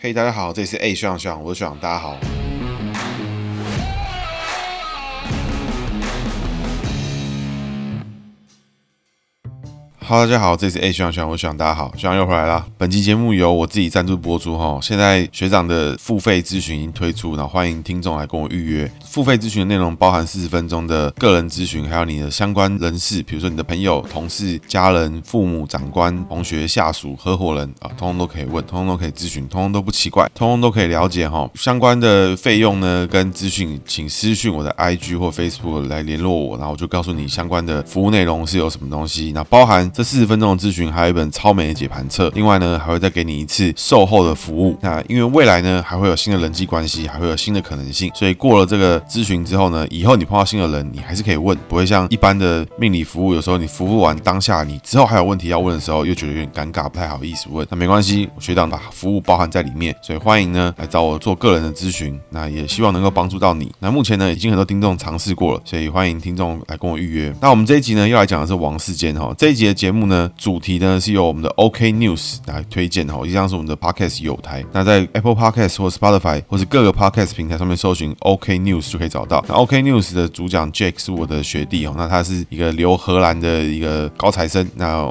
嘿、hey，大家好，這裡是誒，學長學長，我是學長，大家好。哈嘍大家好，這是 A 學長，學長，學長，學長大家好，學長又回來啦。本期節目由我自己贊助播出哈、哦。現在學長的付費諮詢已經推出，然後歡迎聽眾來跟我預約。付費諮詢的內容包含四十分鐘的個人諮詢，還有你的相關人士，比如說你的朋友、同事、家人、父母、長官、同學、下屬、合夥人啊、哦，通通都可以問，通通都可以諮詢，通通都不奇怪，通通都可以了解哈、哦。相關的費用呢，跟資訊請私訊我的 IG 或 Facebook 來聯絡我，然後我就告訴你相關的服務內容是有什麼東西，那包含。這四十分鐘的諮詢，還有一本超美的解盤冊，另外呢，還會再給你一次售後的服務。那因為未來呢，還會有新的人際關係，還會有新的可能性，所以過了這個諮詢之後呢，以後你碰到新的人，你還是可以問，不會像一般的命理服務，有時候你服務完當下，你之後還有問題要問的時候，又覺得有點尷尬，不太好意思問。那沒關係，學長把服務包含在裡面，所以歡迎呢來找我做個人的諮詢。那也希望能夠幫助到你。那目前呢，已經很多聽眾嘗試過了，所以歡迎聽眾來跟我預約。那我們這一集呢，要來講的是王世堅哈，這一集的節目呢，主題呢是由我們的 OK News 來推薦哈，以上是我們的 Podcast 友台。那在 Apple Podcast 或 Spotify 或者各個 Podcast 平台上面搜尋 OK News 就可以找到。那 OK News 的主講 Jake 是我的學弟哦，那他是一個留荷蘭的一個高材生。那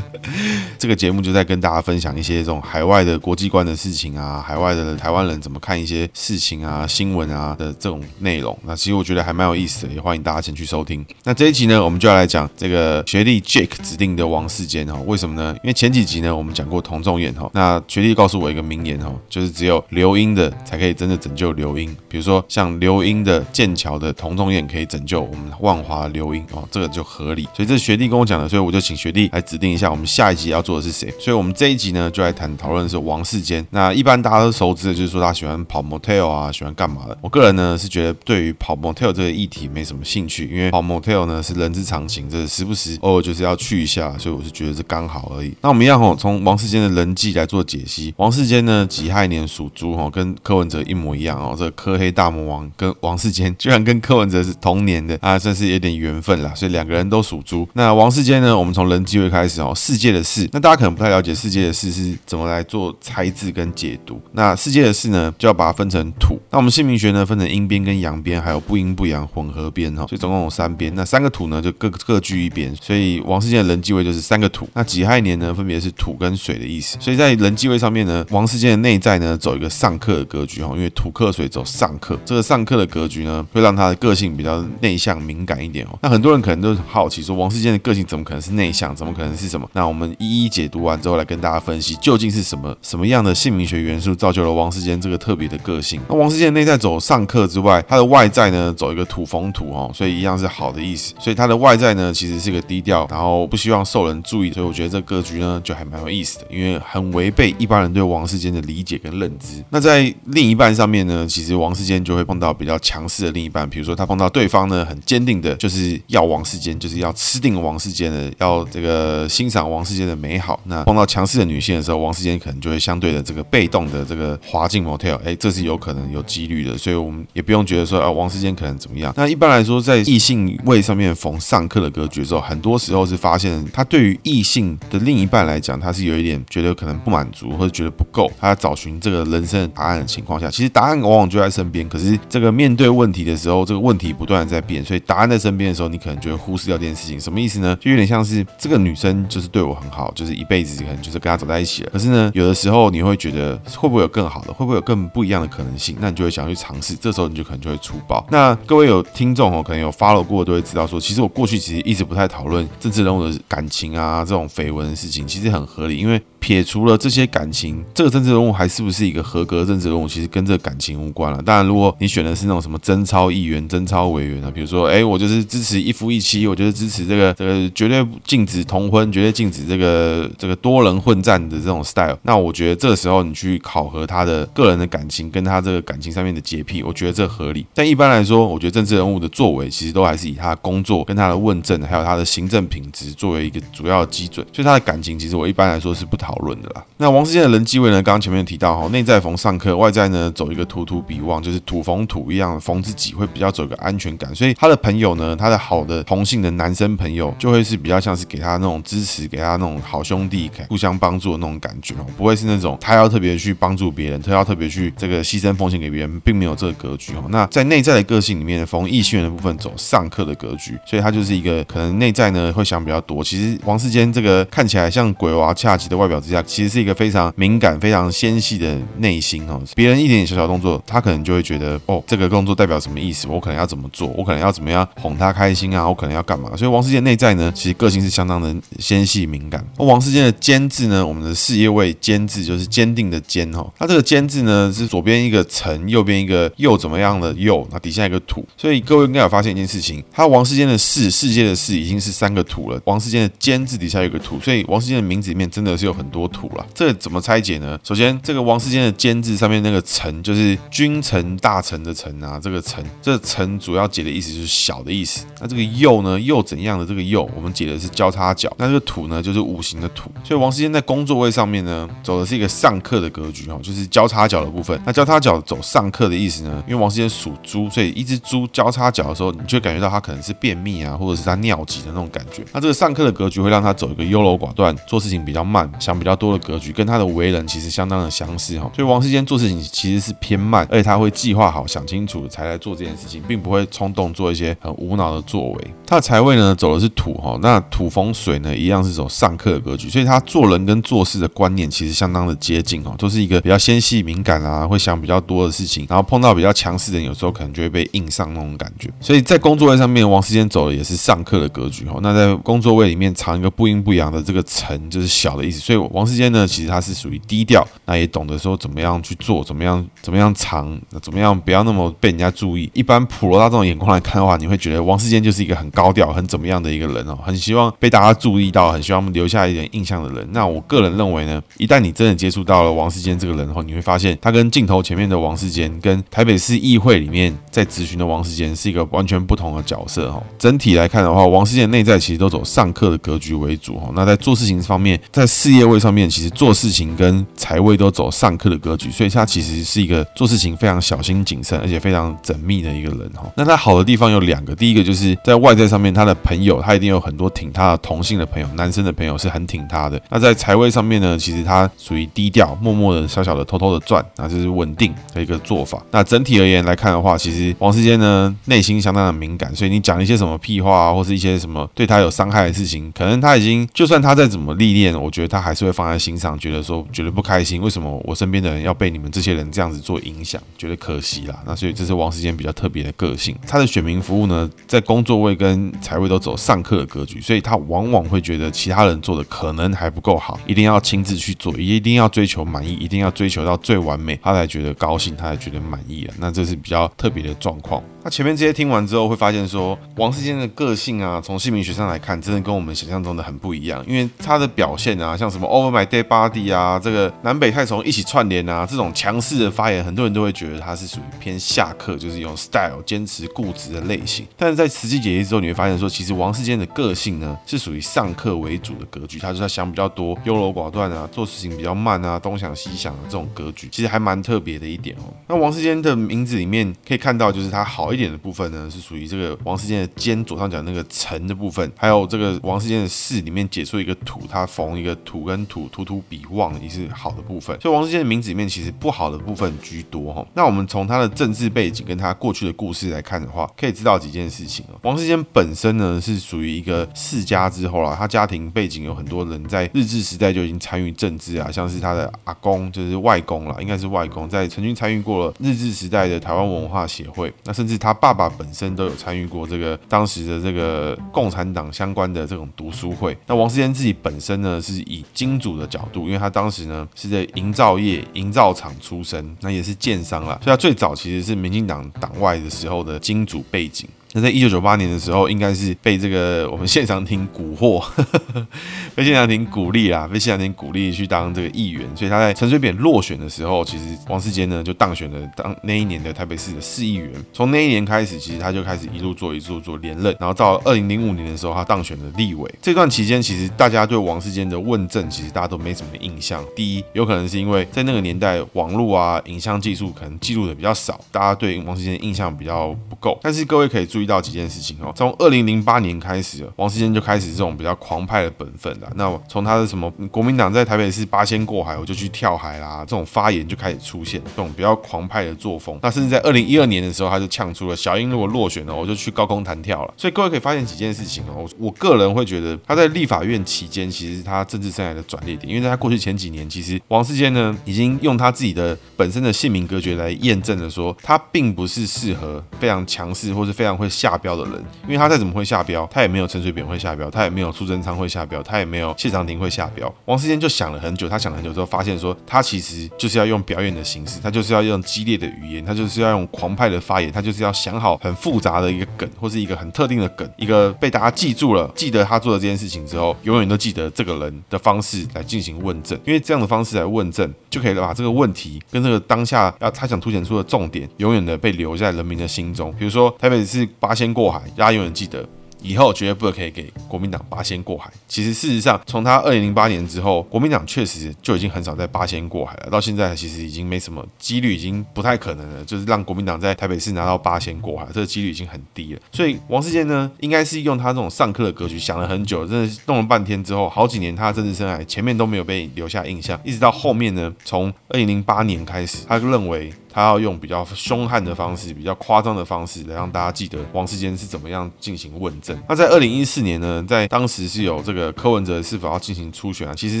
這個節目就在跟大家分享一些這種海外的國際觀的事情啊，海外的台灣人怎麼看一些事情啊、新聞啊的這種內容。那其實我覺得還蠻有意思的，也歡迎大家前去收聽。那這一集呢，我們就要來講這個學弟 Jake。指定的王世堅哈。為什麼呢？因為前幾集呢，我們講過童仲彥哈。那學弟告訴我一個名言哈，就是只有流鶯的才可以真的拯救流鶯。比如說像流鶯的劍橋的童仲彥可以拯救我們萬華流鶯哦，這個就合理。所以這是學弟跟我講的，所以我就請學弟來指定一下我們下一集要做的是誰。所以我們這一集呢，就來談討論是王世堅。那一般大家都熟知的就是說他喜歡跑 motel 啊，喜歡幹嘛的？我個人呢是覺得對於跑 motel 這個議題沒什麼興趣，因為跑 motel 呢是人之常情，就是時不時偶爾就是要去。下，所以我是覺得是剛好而已。那我們一樣吼、哦，從王世堅的人際來做解析。王世堅呢，己亥年屬豬哈、哦，跟柯文哲一模一樣哦。這個柯黑大魔王跟王世堅居然跟柯文哲是同年的啊，算是有點緣分啦。所以兩個人都屬豬。那王世堅呢，我們從人際位開始哦，世界的世。那大家可能不太了解世界的世是怎麼來做拆字跟解讀。那世界的世呢，就要把它分成土。那我們姓名學呢，分成陰邊跟陽邊，還有不陰不陽混合邊哈、哦，所以總共有三邊。那三個土呢，就各各居一邊。所以王世堅的人。人際位就是三個土，那己亥年呢，分別是土跟水的意思，所以在人際位上面呢，王世堅的內在呢走一個上克的格局哈，因為土克水走上克，這個上克的格局呢會讓他的個性比較內向敏感一點哦。那很多人可能都很好奇說，王世堅的個性怎麼可能是內向，怎麼可能是什麼？那我們一一解讀完之後來跟大家分析究竟是什麼什麼樣的姓名學元素造就了王世堅這個特別的個性。那王世堅內在走上克之外，他的外在呢走一個土逢土哦，所以一樣是好的意思，所以他的外在呢其實是個低調，然後不。希望受人注意，所以我覺得這格局呢就還蠻有意思的，因為很違背一般人對王世堅的理解跟認知。那在另一半上面呢，其實王世堅就會碰到比較強勢的另一半，比如說他碰到對方呢很堅定的，就是要王世堅，就是要吃定王世堅的，要這個欣賞王世堅的美好。那碰到強勢的女性的時候，王世堅可能就會相對的這個被動的這個滑進 motel，哎，這是有可能有幾率的，所以我們也不用覺得說啊王世堅可能怎麼樣。那一般來說，在異性位上面逢上克的格局之後，很多時候是發現。他對於異性的另一半來講，他是有一點覺得可能不滿足或者覺得不夠，他找尋這個人生答案的情況下，其實答案往往就在身邊。可是這個面對問題的時候，這個問題不斷的在變，所以答案在身邊的時候，你可能就會忽視掉這件事情。什麼意思呢？就有點像是這個女生就是對我很好，就是一輩子可能就是跟他走在一起了。可是呢，有的時候你會覺得會不會有更好的，會不會有更不一樣的可能性？那你就會想要去嘗試。這時候你就可能就會粗暴。那各位有聽眾哦，可能有 follow 過的都會知道說，其實我過去其實一直不太討論政治人物的。感情啊，這種緋聞的事情其實很合理，因為撇除了這些感情，這個政治人物還是不是一個合格的政治人物，其實跟這個感情無關了、啊。當然，如果你選的是那種什麼貞操議員、貞操委員啊，比如說，哎、欸，我就是支持一夫一妻，我就是支持這個這個絕對禁止同婚，絕對禁止這個這個多人混戰的這種 style，那我覺得這時候你去考核他的個人的感情，跟他這個感情上面的潔癖，我覺得這合理。但一般來說，我覺得政治人物的作為其實都還是以他的工作、跟他的問政，還有他的行政品質。作為一個主要的基準，所以他的感情其實我一般來說是不討論的啦。那王世堅的人際位呢？剛剛前面提到哈，內在逢上課，外在呢走一個土土比旺，就是土逢土一樣，逢自己會比較走一個安全感。所以他的朋友呢，他的好的同性的男生朋友就會是比較像是給他那種支持，給他那種好兄弟，互相幫助的那種感覺哦，不會是那種他要特別去幫助別人，他要特別去這個犧牲，奉獻給別人，並沒有這個格局哦。那在內在的個性裡面，逢異性緣的部分走上課的格局，所以他就是一個可能內在呢會想比較多。我其實王世堅這個看起來像鬼娃恰吉的外表之下，其實是一個非常敏感、非常纖細的內心哦，別人一點點小小動作，他可能就會覺得哦，這個動作代表什麼意思？我可能要怎麼做？我可能要怎麼樣哄他開心啊？我可能要幹嘛？所以王世堅內在呢，其實個性是相當的纖細敏感。那王世堅的堅字呢，我們的事業位堅字就是堅定的堅哈。他這個堅字呢，是左邊一個臣，右邊一個又怎麼樣的又，那底下一個土。所以各位應該有發現一件事情，他王世堅的世世界的世已經是三個土了。王。世堅的堅字底下有個土，所以王世堅的名字裡面真的是有很多土了。這怎麼拆解呢？首先，這個王世堅的堅字上面那個臣，就是君臣大臣的臣啊，這個臣，這臣主要解的意思就是小的意思。那這個又呢，又怎樣的這個又，我們解的是交叉腳。那這個土呢，就是五行的土。所以王世堅在工作位上面呢，走的是一個上課的格局哈，就是交叉腳的部分。那交叉腳走上課的意思呢？因為王世堅屬豬，所以一只豬交叉腳的時候，你就會感覺到它可能是便秘啊，或者是它尿急的那種感覺。那這個上。克的格局會讓他走一個優柔寡斷、做事情比較慢、想比較多的格局，跟他的為人其實相當的相似哈。所以王世堅做事情其實是偏慢，而且他會計劃好、想清楚才來做這件事情，並不會衝動做一些很無腦的作為。他的財位呢，走的是土哈，那土逢水呢，一樣是走上克的格局，所以他做人跟做事的觀念其實相當的接近哦，都、就是一個比較纖細、敏感啊，會想比較多的事情，然後碰到比較強勢的人，有時候可能就會被硬上那種感覺。所以在工作位上面，王世堅走的也是上克的格局哈。那在工作位，裡面藏一個不陰不陽的這個城，就是小的意思。所以王世堅呢，其實他是屬於低調，那也懂得說怎麼樣去做，怎麼樣怎麼樣藏，怎麼樣不要那麼被人家注意。一般普羅大眾眼光來看的話，你會覺得王世堅就是一個很高調、很怎麼樣的一個人哦，很希望被大家注意到，很希望留下一點印象的人。那我個人認為呢，一旦你真的接觸到了王世堅這個人後，你會發現他跟鏡頭前面的王世堅，跟台北市議會裡面在質詢的王世堅是一個完全不同的角色哦。整體來看的話，王世堅內在其實都走上。剋的格局為主哈，那在做事情方面，在事業位上面，其實做事情跟財位都走上剋的格局，所以他其實是一個做事情非常小心謹慎，而且非常縝密的一個人哈。那他好的地方有兩個，第一個就是在外在上面，他的朋友，他一定有很多挺他的同性的朋友，男生的朋友是很挺他的。那在財位上面呢，其實他屬於低調、默默的、小小的、偷偷的賺，那就是穩定的一個做法。那整體而言來看的話，其實王世堅呢，內心相當的敏感，所以你講一些什麼屁話啊，或是一些什麼對他有傷害。事情可能他已經，就算他再怎麼歷練，我覺得他還是會放在心上，覺得說覺得不開心。為什麼我身邊的人要被你們這些人這樣子做影響，覺得可惜啦？那所以這是王世堅比較特別的個性。他的選民服務呢，在工作位跟財位都走上課的格局，所以他往往會覺得其他人做的可能還不夠好，一定要親自去做，一定要追求滿意，一定要追求到最完美，他才覺得高興，他才覺得滿意啊。那這是比較特別的狀況。那前面直接聽完之後會發現，說王世堅的個性啊，從姓名學上來看，真的跟我們想象中的很不一樣。因為他的表現啊，像什麼 Over My Dead Body 啊，這個南北菜蟲一起串聯啊，這種強勢的發言，很多人都會覺得他是屬於偏下課，就是有 style 堅持固執的類型。但是在實際解析之後，你會發現說，其實王世堅的個性呢，是屬於上課為主的格局。他就他想比較多，優柔寡斷啊，做事情比較慢啊，東想西想的、啊、這種格局，其實還蠻特別的一點哦。那王世堅的名字裡面可以看到，就是他好。一點的部分呢，是屬於這個王世堅的肩左上角那個辰的部分，還有這個王世堅的巳裡面解出一個土，他逢一個土跟土，土土比旺，也是好的部分。所以王世堅的名字裡面其實不好的部分居多哈。那我們從他的政治背景跟他過去的故事來看的話，可以知道幾件事情哦。王世堅本身呢，是屬於一個世家之後啦，他家庭背景有很多人在日治時代就已經參與政治啊，像是他的阿公就是外公啦，應該是外公，在曾經參與過了日治時代的台灣文化協會，那甚至。他爸爸本身都有參與過這個當時的這個共產黨相關的這種讀書會。那王世堅自己本身呢，是以金主的角度，因為他當時呢是在營造業、營造廠出身，那也是建商啦。所以他最早其實是民進黨黨外的時候的金主背景。那在一九九八年的時候，應該是被這個我們謝長廷蠱惑， 被謝長廷鼓勵啦，被謝長廷鼓勵去當這個議員。所以他在陳水扁落選的時候，其實王世堅呢就當選了當那一年的台北市的市議員。從那一年開始，其實他就開始一路做一路做，一路做連任。然後到二零零五年的時候，他當選了立委。這段期間，其實大家對王世堅的問政，其實大家都沒什麼印象。第一，有可能是因為在那個年代，網絡啊、影像技術可能記錄的比較少，大家對王世堅印象比較不夠。但是各位可以注意。遇到幾件事情哦，從二零零八年開始，王世堅就開始這種比較狂派的本分了。那從他的什麼國民黨在台北市八仙過海，我就去跳海啦，這種發言就開始出現這種比較狂派的作風。那甚至在二零一二年的時候，他就嗆出了小英如果落選了，我就去高空彈跳了。所以各位可以發現幾件事情哦，我我個人會覺得他在立法院期間，其實是他政治生涯的轉捩點，因為在他過去前幾年，其實王世堅呢已經用他自己的本身的姓名格局來驗證了說他並不是適合非常強勢或是非常會。下標的人，因為他再怎麼會下標，他也沒有陳水扁會下標，他也沒有蘇貞昌會下標，他也沒有謝長廷會下標。王世堅就想了很久，他想了很久之後，發現說他其實就是要用表演的形式，他就是要用激烈的語言，他就是要用狂派的發言，他就是要想好很複雜的一個梗，或是一個很特定的梗，一個被大家記住了，記得他做的這件事情之後，永遠都記得這個人的方式來進行問政，因為這樣的方式來問政。就可以把這個問題跟這個當下要他想凸顯出的重點，永遠的被留在人民的心中。比如說，台北是八仙過海，大家永遠記得。以後絕對不可以給國民黨八仙過海。其實事實上，從他二零零八年之後，國民黨確實就已經很少在八仙過海了。到現在其實已經沒什麼幾率，已經不太可能了，就是讓國民黨在台北市拿到八仙過海，這個幾率已經很低了。所以王世堅呢，應該是用他這種上課的格局想了很久，真的弄了半天之後，好幾年他的政治生涯前面都沒有被留下印象，一直到後面呢，從二零零八年開始，他就認為。他要用比較兇悍的方式，比較誇張的方式，來讓大家記得王世堅是怎麼樣進行問政。那在二零一四年呢，在當時是有這個柯文哲是否要進行初選啊？其實，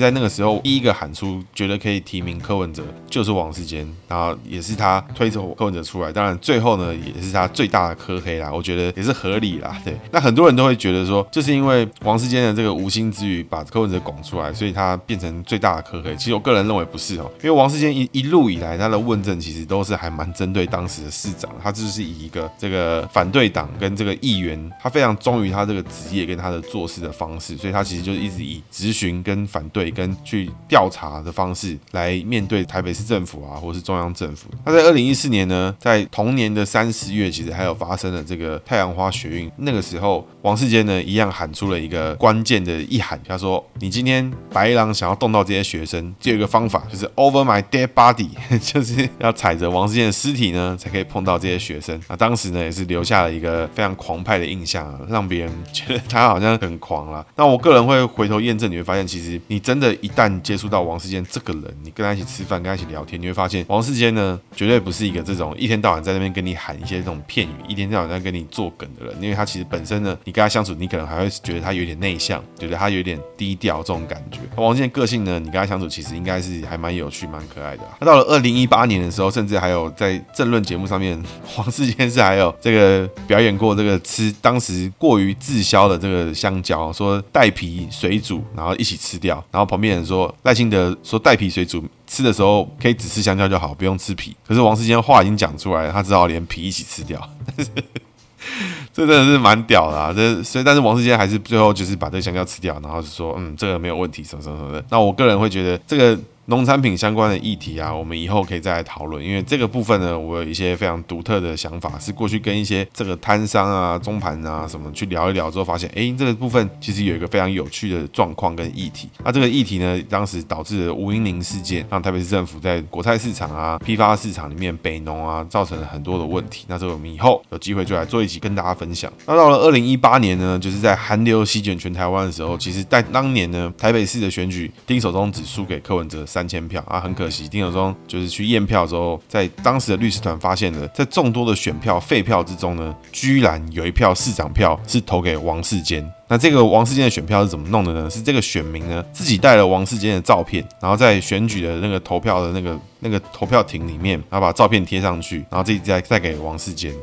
在那個時候，第一個喊出覺得可以提名柯文哲就是王世堅，然後也是他推着我，柯文哲出來。當然，最後呢，也是他最大的柯黑啦，我覺得也是合理啦，對。那很多人都會覺得說，就是因為王世堅的這個無心之語把柯文哲拱出來，所以他變成最大的柯黑。其實，我個人認為不是哦、喔，因為王世堅一一路以來他的問政其實都。是還蠻針對當時的市長，他就是以一個這個反對黨跟這個議員，他非常忠於他這個職業跟他的做事的方式，所以他其實就是一直以質詢、跟反對、跟去調查的方式來面對台北市政府啊，或是中央政府。他在二零一四年呢，在同年的三十月，其實還有發生了這個太陽花學運，那個時候王世堅呢，一樣喊出了一個關鍵的一喊，他說：“你今天白狼想要動到這些學生，就有一個方法，就是 Over my dead body， 就是要踩着。”王世堅的屍體呢，才可以碰到這些學生。那當時呢，也是留下了一個非常狂派的印象，讓別人覺得他好像很狂啦。那我個人會回頭驗證，你會發現，其實你真的，一旦接觸到王世堅這個人，你跟他一起吃飯，跟他一起聊天，你會發現，王世堅呢，絕對不是一個這種一天到晚在那邊跟你喊一些這種片語，一天到晚在跟你作梗的人。因為他其實本身呢，你跟他相處，你可能還會覺得他有點內向，覺得他有點低調這種感覺。王世堅個性呢，你跟他相處，其實應該是還蠻有趣、蠻可愛的啊。他到了二零一八年的時候，甚至還。還有在政論節目上面，王世堅是還有這個表演過這個吃當時過於滯銷的這個香蕉，說帶皮水煮，然後一起吃掉。然後旁邊人說賴清德說帶皮水煮吃的時候可以只吃香蕉就好，不用吃皮。可是王世堅話已經講出來，他只好連皮一起吃掉。 這真的是蠻屌的啊！這所以，但是王世堅還是最後就是把這個香蕉吃掉，然後就說嗯，這個沒有問題，什麼什麼什麼的。那我個人會覺得這個。農產品相關的議題啊，我們以後可以再來討論，因為這個部分呢，我有一些非常獨特的想法，是過去跟一些這個攤商啊、中盤啊什麼去聊一聊之後，發現，哎，這個部分其實有一個非常有趣的狀況跟議題。那這個議題呢，當時導致了吳音寧事件，讓台北市政府在國菜市場啊、批發市場裡面北農啊，造成了很多的問題。那這個我們以後有機會就來做一集跟大家分享。那到了二零一八年呢，就是在寒流席捲全台灣的時候，其實在當年呢，台北市的選舉，丁守中只輸給柯文哲。三千票啊，很可惜。聽說就是去驗票之後，在當時的律師團發現了，在眾多的選票廢票之中呢，居然有一票市長票是投給王世堅。那這個王世堅的選票是怎麼弄的呢？是這個選民呢自己帶了王世堅的照片，然後在選舉的那個投票的那個那個投票亭裡面，然後把照片貼上去，然後自己再再給王世堅。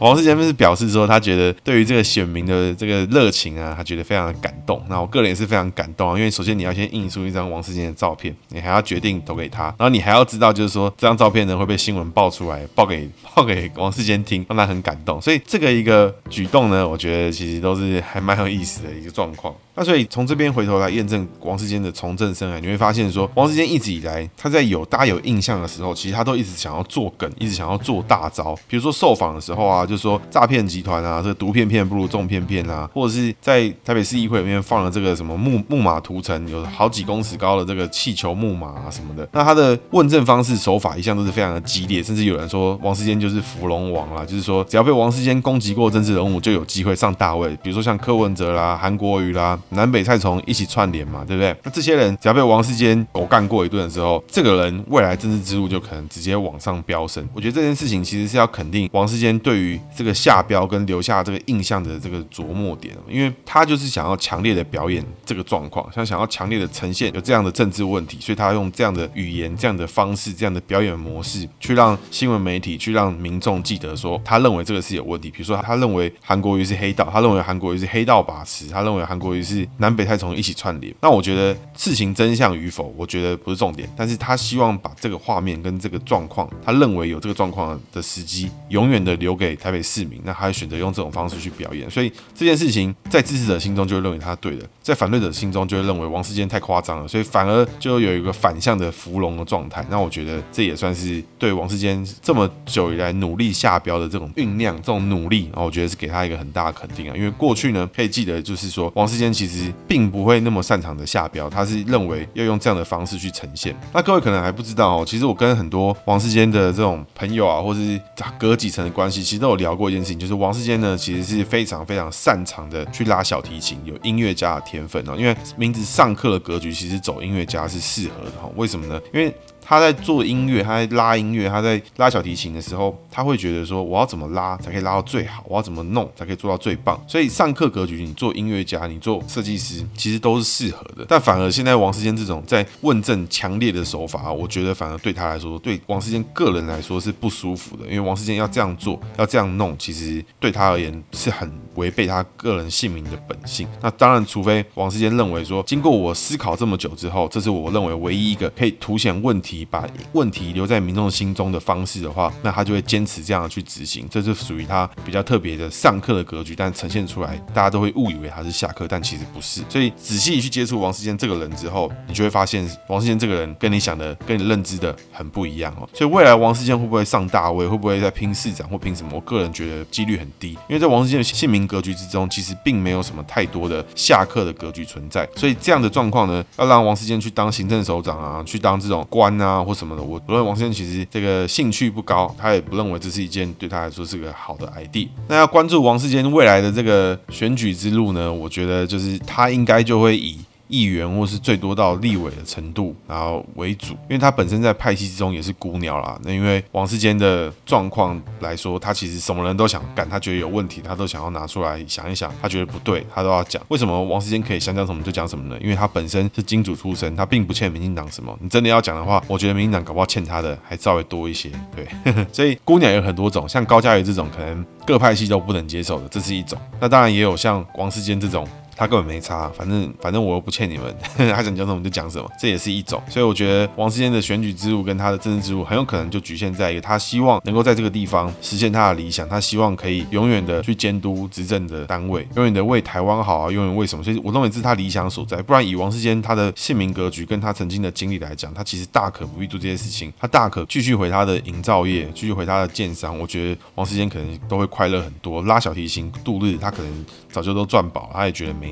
王世堅是表示說，他覺得對於這個選民的這個熱情啊，他覺得非常的感動。那我個人也是非常感動啊，因為首先你要先印出一張王世堅的照片，你還要決定投給他，然後你還要知道就是說這張照片呢會被新聞爆出來，爆給爆給王世堅聽，讓他很感動。所以這個一個舉動呢，我覺得其實都是。也還蠻有意思的一個狀況。那所以從這邊回頭來驗證王世堅的從政生涯，哎，你會發現說，王世堅一直以來，他在有大家有印象的時候，其實他都一直想要做梗，一直想要做大招。比如說受訪的時候啊，就是說詐騙集團啊，這個毒片片不如重片片啊，或者是在台北市議會裡面放了這個什麼木木馬屠城，有好幾公尺高的這個氣球木馬啊什麼的。那他的問政方式手法一向都是非常的激烈，甚至有人說王世堅就是扶龍王啦，啊，就是說只要被王世堅攻擊過政治人物，就有機會上大位。比如說像柯文哲啦，韓國瑜啦。南北菜蟲一起串聯嘛，對不對？那這些人只要被王世堅狗幹過一頓的時候，這個人未來政治之路就可能直接往上飆升。我覺得這件事情其實是要肯定王世堅對於這個下標跟留下這個印象的這個著墨點，因為他就是想要強烈的表演這個狀況，像想要強烈的呈現有這樣的政治問題，所以他用這樣的語言、這樣的方式、這樣的表演模式，去讓新聞媒體、去讓民眾記得說，他認為這個是有問題。比如說，他認為韓國瑜是黑道，他認為韓國瑜是黑道把持，他認為韓國瑜是。是南北太重一起串聯，那我覺得事情真相與否，我覺得不是重點，但是他希望把這個畫面跟這個狀況，他認為有這個狀況的時機，永遠的留給台北市民，那他會選擇用這種方式去表演，所以這件事情在支持者心中就認為他是對的。在反對者心中，就會認為王世堅太誇張了，所以反而就有一個反向的伏龍的狀態。那我覺得這也算是對王世堅這麼久以來努力下標的這種醞釀、這種努力啊，我覺得是給他一個很大的肯定啊。因為過去呢，可以記得就是說，王世堅其實並不會那麼擅長的下標，他是認為要用這樣的方式去呈現。那各位可能還不知道哦，其實我跟很多王世堅的這種朋友啊，或是隔幾層的關係，其實都有聊過一件事情，就是王世堅呢，其實是非常非常擅長的去拉小提琴，有音樂家的提琴。天分呢，因為名字上課的格局其實走音樂家是適合的哈，為什麼呢？因為。他在做音樂，他在拉音樂，他在拉小提琴的時候，他會覺得說我要怎麼拉才可以拉到最好，我要怎麼弄才可以做到最棒。所以上課格局，你做音樂家，你做設計師，其實都是適合的。但反而現在王世堅這種在問政強烈的手法，我覺得反而對他來說，對王世堅個人來說是不舒服的，因為王世堅要這樣做，要這樣弄，其實對他而言是很違背他個人姓名的本性。那當然，除非王世堅認為說，經過我思考這麼久之後，這是我認為唯一一個可以凸顯問題把問題留在民眾心中的方式的話，那他就會堅持這樣的去執行，這是屬於他比較特別的上課的格局，但呈現出來大家都會誤以為他是下課，但其實不是。所以仔細去接觸王世堅這個人之後，你就會發現王世堅這個人跟你想的、跟你認知的很不一樣哦。所以未來王世堅會不會上大位，會不會再拼市長或拼什麼？我個人覺得幾率很低，因為在王世堅的姓名格局之中，其實並沒有什麼太多的下課的格局存在。所以這樣的狀況呢，要讓王世堅去當行政首長啊，去當這種官啊。啊，或什麼的，我不論王世堅其實這個興趣不高，他也不認為這是一件對他來說是個好的 ID。那要關注王世堅未來的這個選舉之路呢？我覺得就是他應該就會以。議員，或是最多到立委的程度，然後為主，因為他本身在派系之中也是孤鳥啦。那因為王世堅的狀況來說，他其實什麼人都想幹，他覺得有問題，他都想要拿出來想一想，他覺得不對，他都要講。為什麼王世堅可以想講什麼就講什麼呢？因為他本身是金主出身，他並不欠民進黨什麼。你真的要講的話，我覺得民進黨搞不好欠他的還稍微多一些。對，所以孤鳥有很多種，像高嘉瑜這種可能各派系都不能接受的，這是一種。那當然也有像王世堅這種。他根本沒差，反正反正我又不欠你們，他想講什麼就講什麼，這也是一種。所以我覺得王世堅的選舉之路跟他的政治之路，很有可能就局限在一個，他希望能夠在這個地方實現他的理想，他希望可以永遠的去監督執政的單位，永遠的為台灣好啊，永遠為什麼？所以我認為這是他理想所在。不然以王世堅他的姓名格局跟他曾經的經歷來講，他其實大可不必做這些事情，他大可繼續回他的營造業，繼續回他的建商。我覺得王世堅可能都會快樂很多，拉小提琴度日，他可能早就都賺飽，他也覺得沒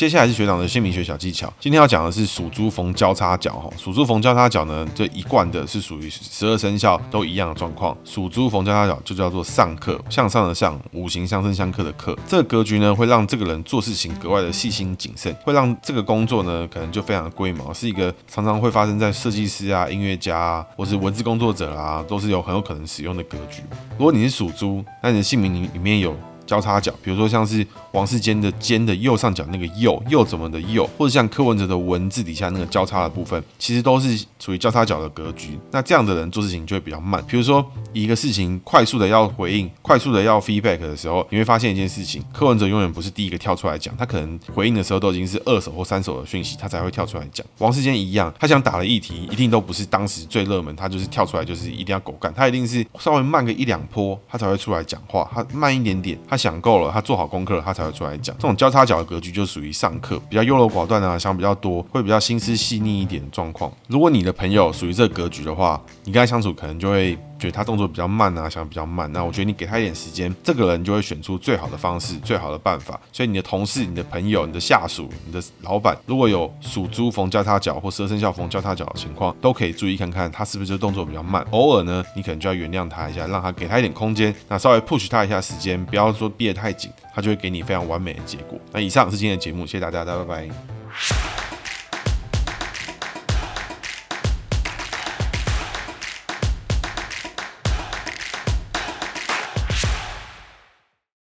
接下來是學長的姓名學小技巧。今天要講的是屬豬逢交叉角，吼，屬豬逢交叉角呢，這一貫的是屬於十二生肖都一樣的狀況。屬豬逢交叉角就叫做上克，向上的向，五行相生相克的克。這個格局呢，會讓這個人做事情格外的細心謹慎，會讓這個工作呢，可能就非常的龜毛，是一個常常會發生在設計師啊、音樂家啊，或是文字工作者啊，都是有很有可能使用的格局。如果你是屬豬，那你的姓名裡裡面有。交叉角，比如說像是王世堅的堅的右上角那個又，又怎麼的又，或者像柯文哲的文字底下那個交叉的部分，其實都是屬於交叉角的格局。那這樣的人做事情就會比較慢。比如說一個事情快速的要回應，快速的要 feedback 的時候，你會發現一件事情，柯文哲永遠不是第一個跳出來講，他可能回應的時候都已經是二手或三手的訊息，他才會跳出來講。王世堅一樣，他想打的議題一定都不是當時最熱門，他就是跳出來就是一定要狗幹，他一定是稍微慢個一兩波，他才會出來講話。他慢一點點，他。想夠了，他做好功課，他才會出來講。這種交叉角的格局就屬於上課比較優柔寡斷啊，想比較多，會比較心思細膩一點的狀況。如果你的朋友屬於這個格局的話，你跟他相處可能就會。覺得他動作比較慢啊，想比較慢啊，那我覺得你給他一點時間，這個人就會選出最好的方式、最好的辦法。所以你的同事、你的朋友、你的下屬、你的老闆，如果有屬豬逢交叉腳或蛇生肖逢交叉腳的情況，都可以注意看看他是不是動作比較慢。偶爾呢，你可能就要原諒他一下，讓他給他一點空間，那稍微 push 他一下時間，不要說逼得太緊，他就會給你非常完美的結果。那以上是今天的節目，謝謝大家，大家拜拜。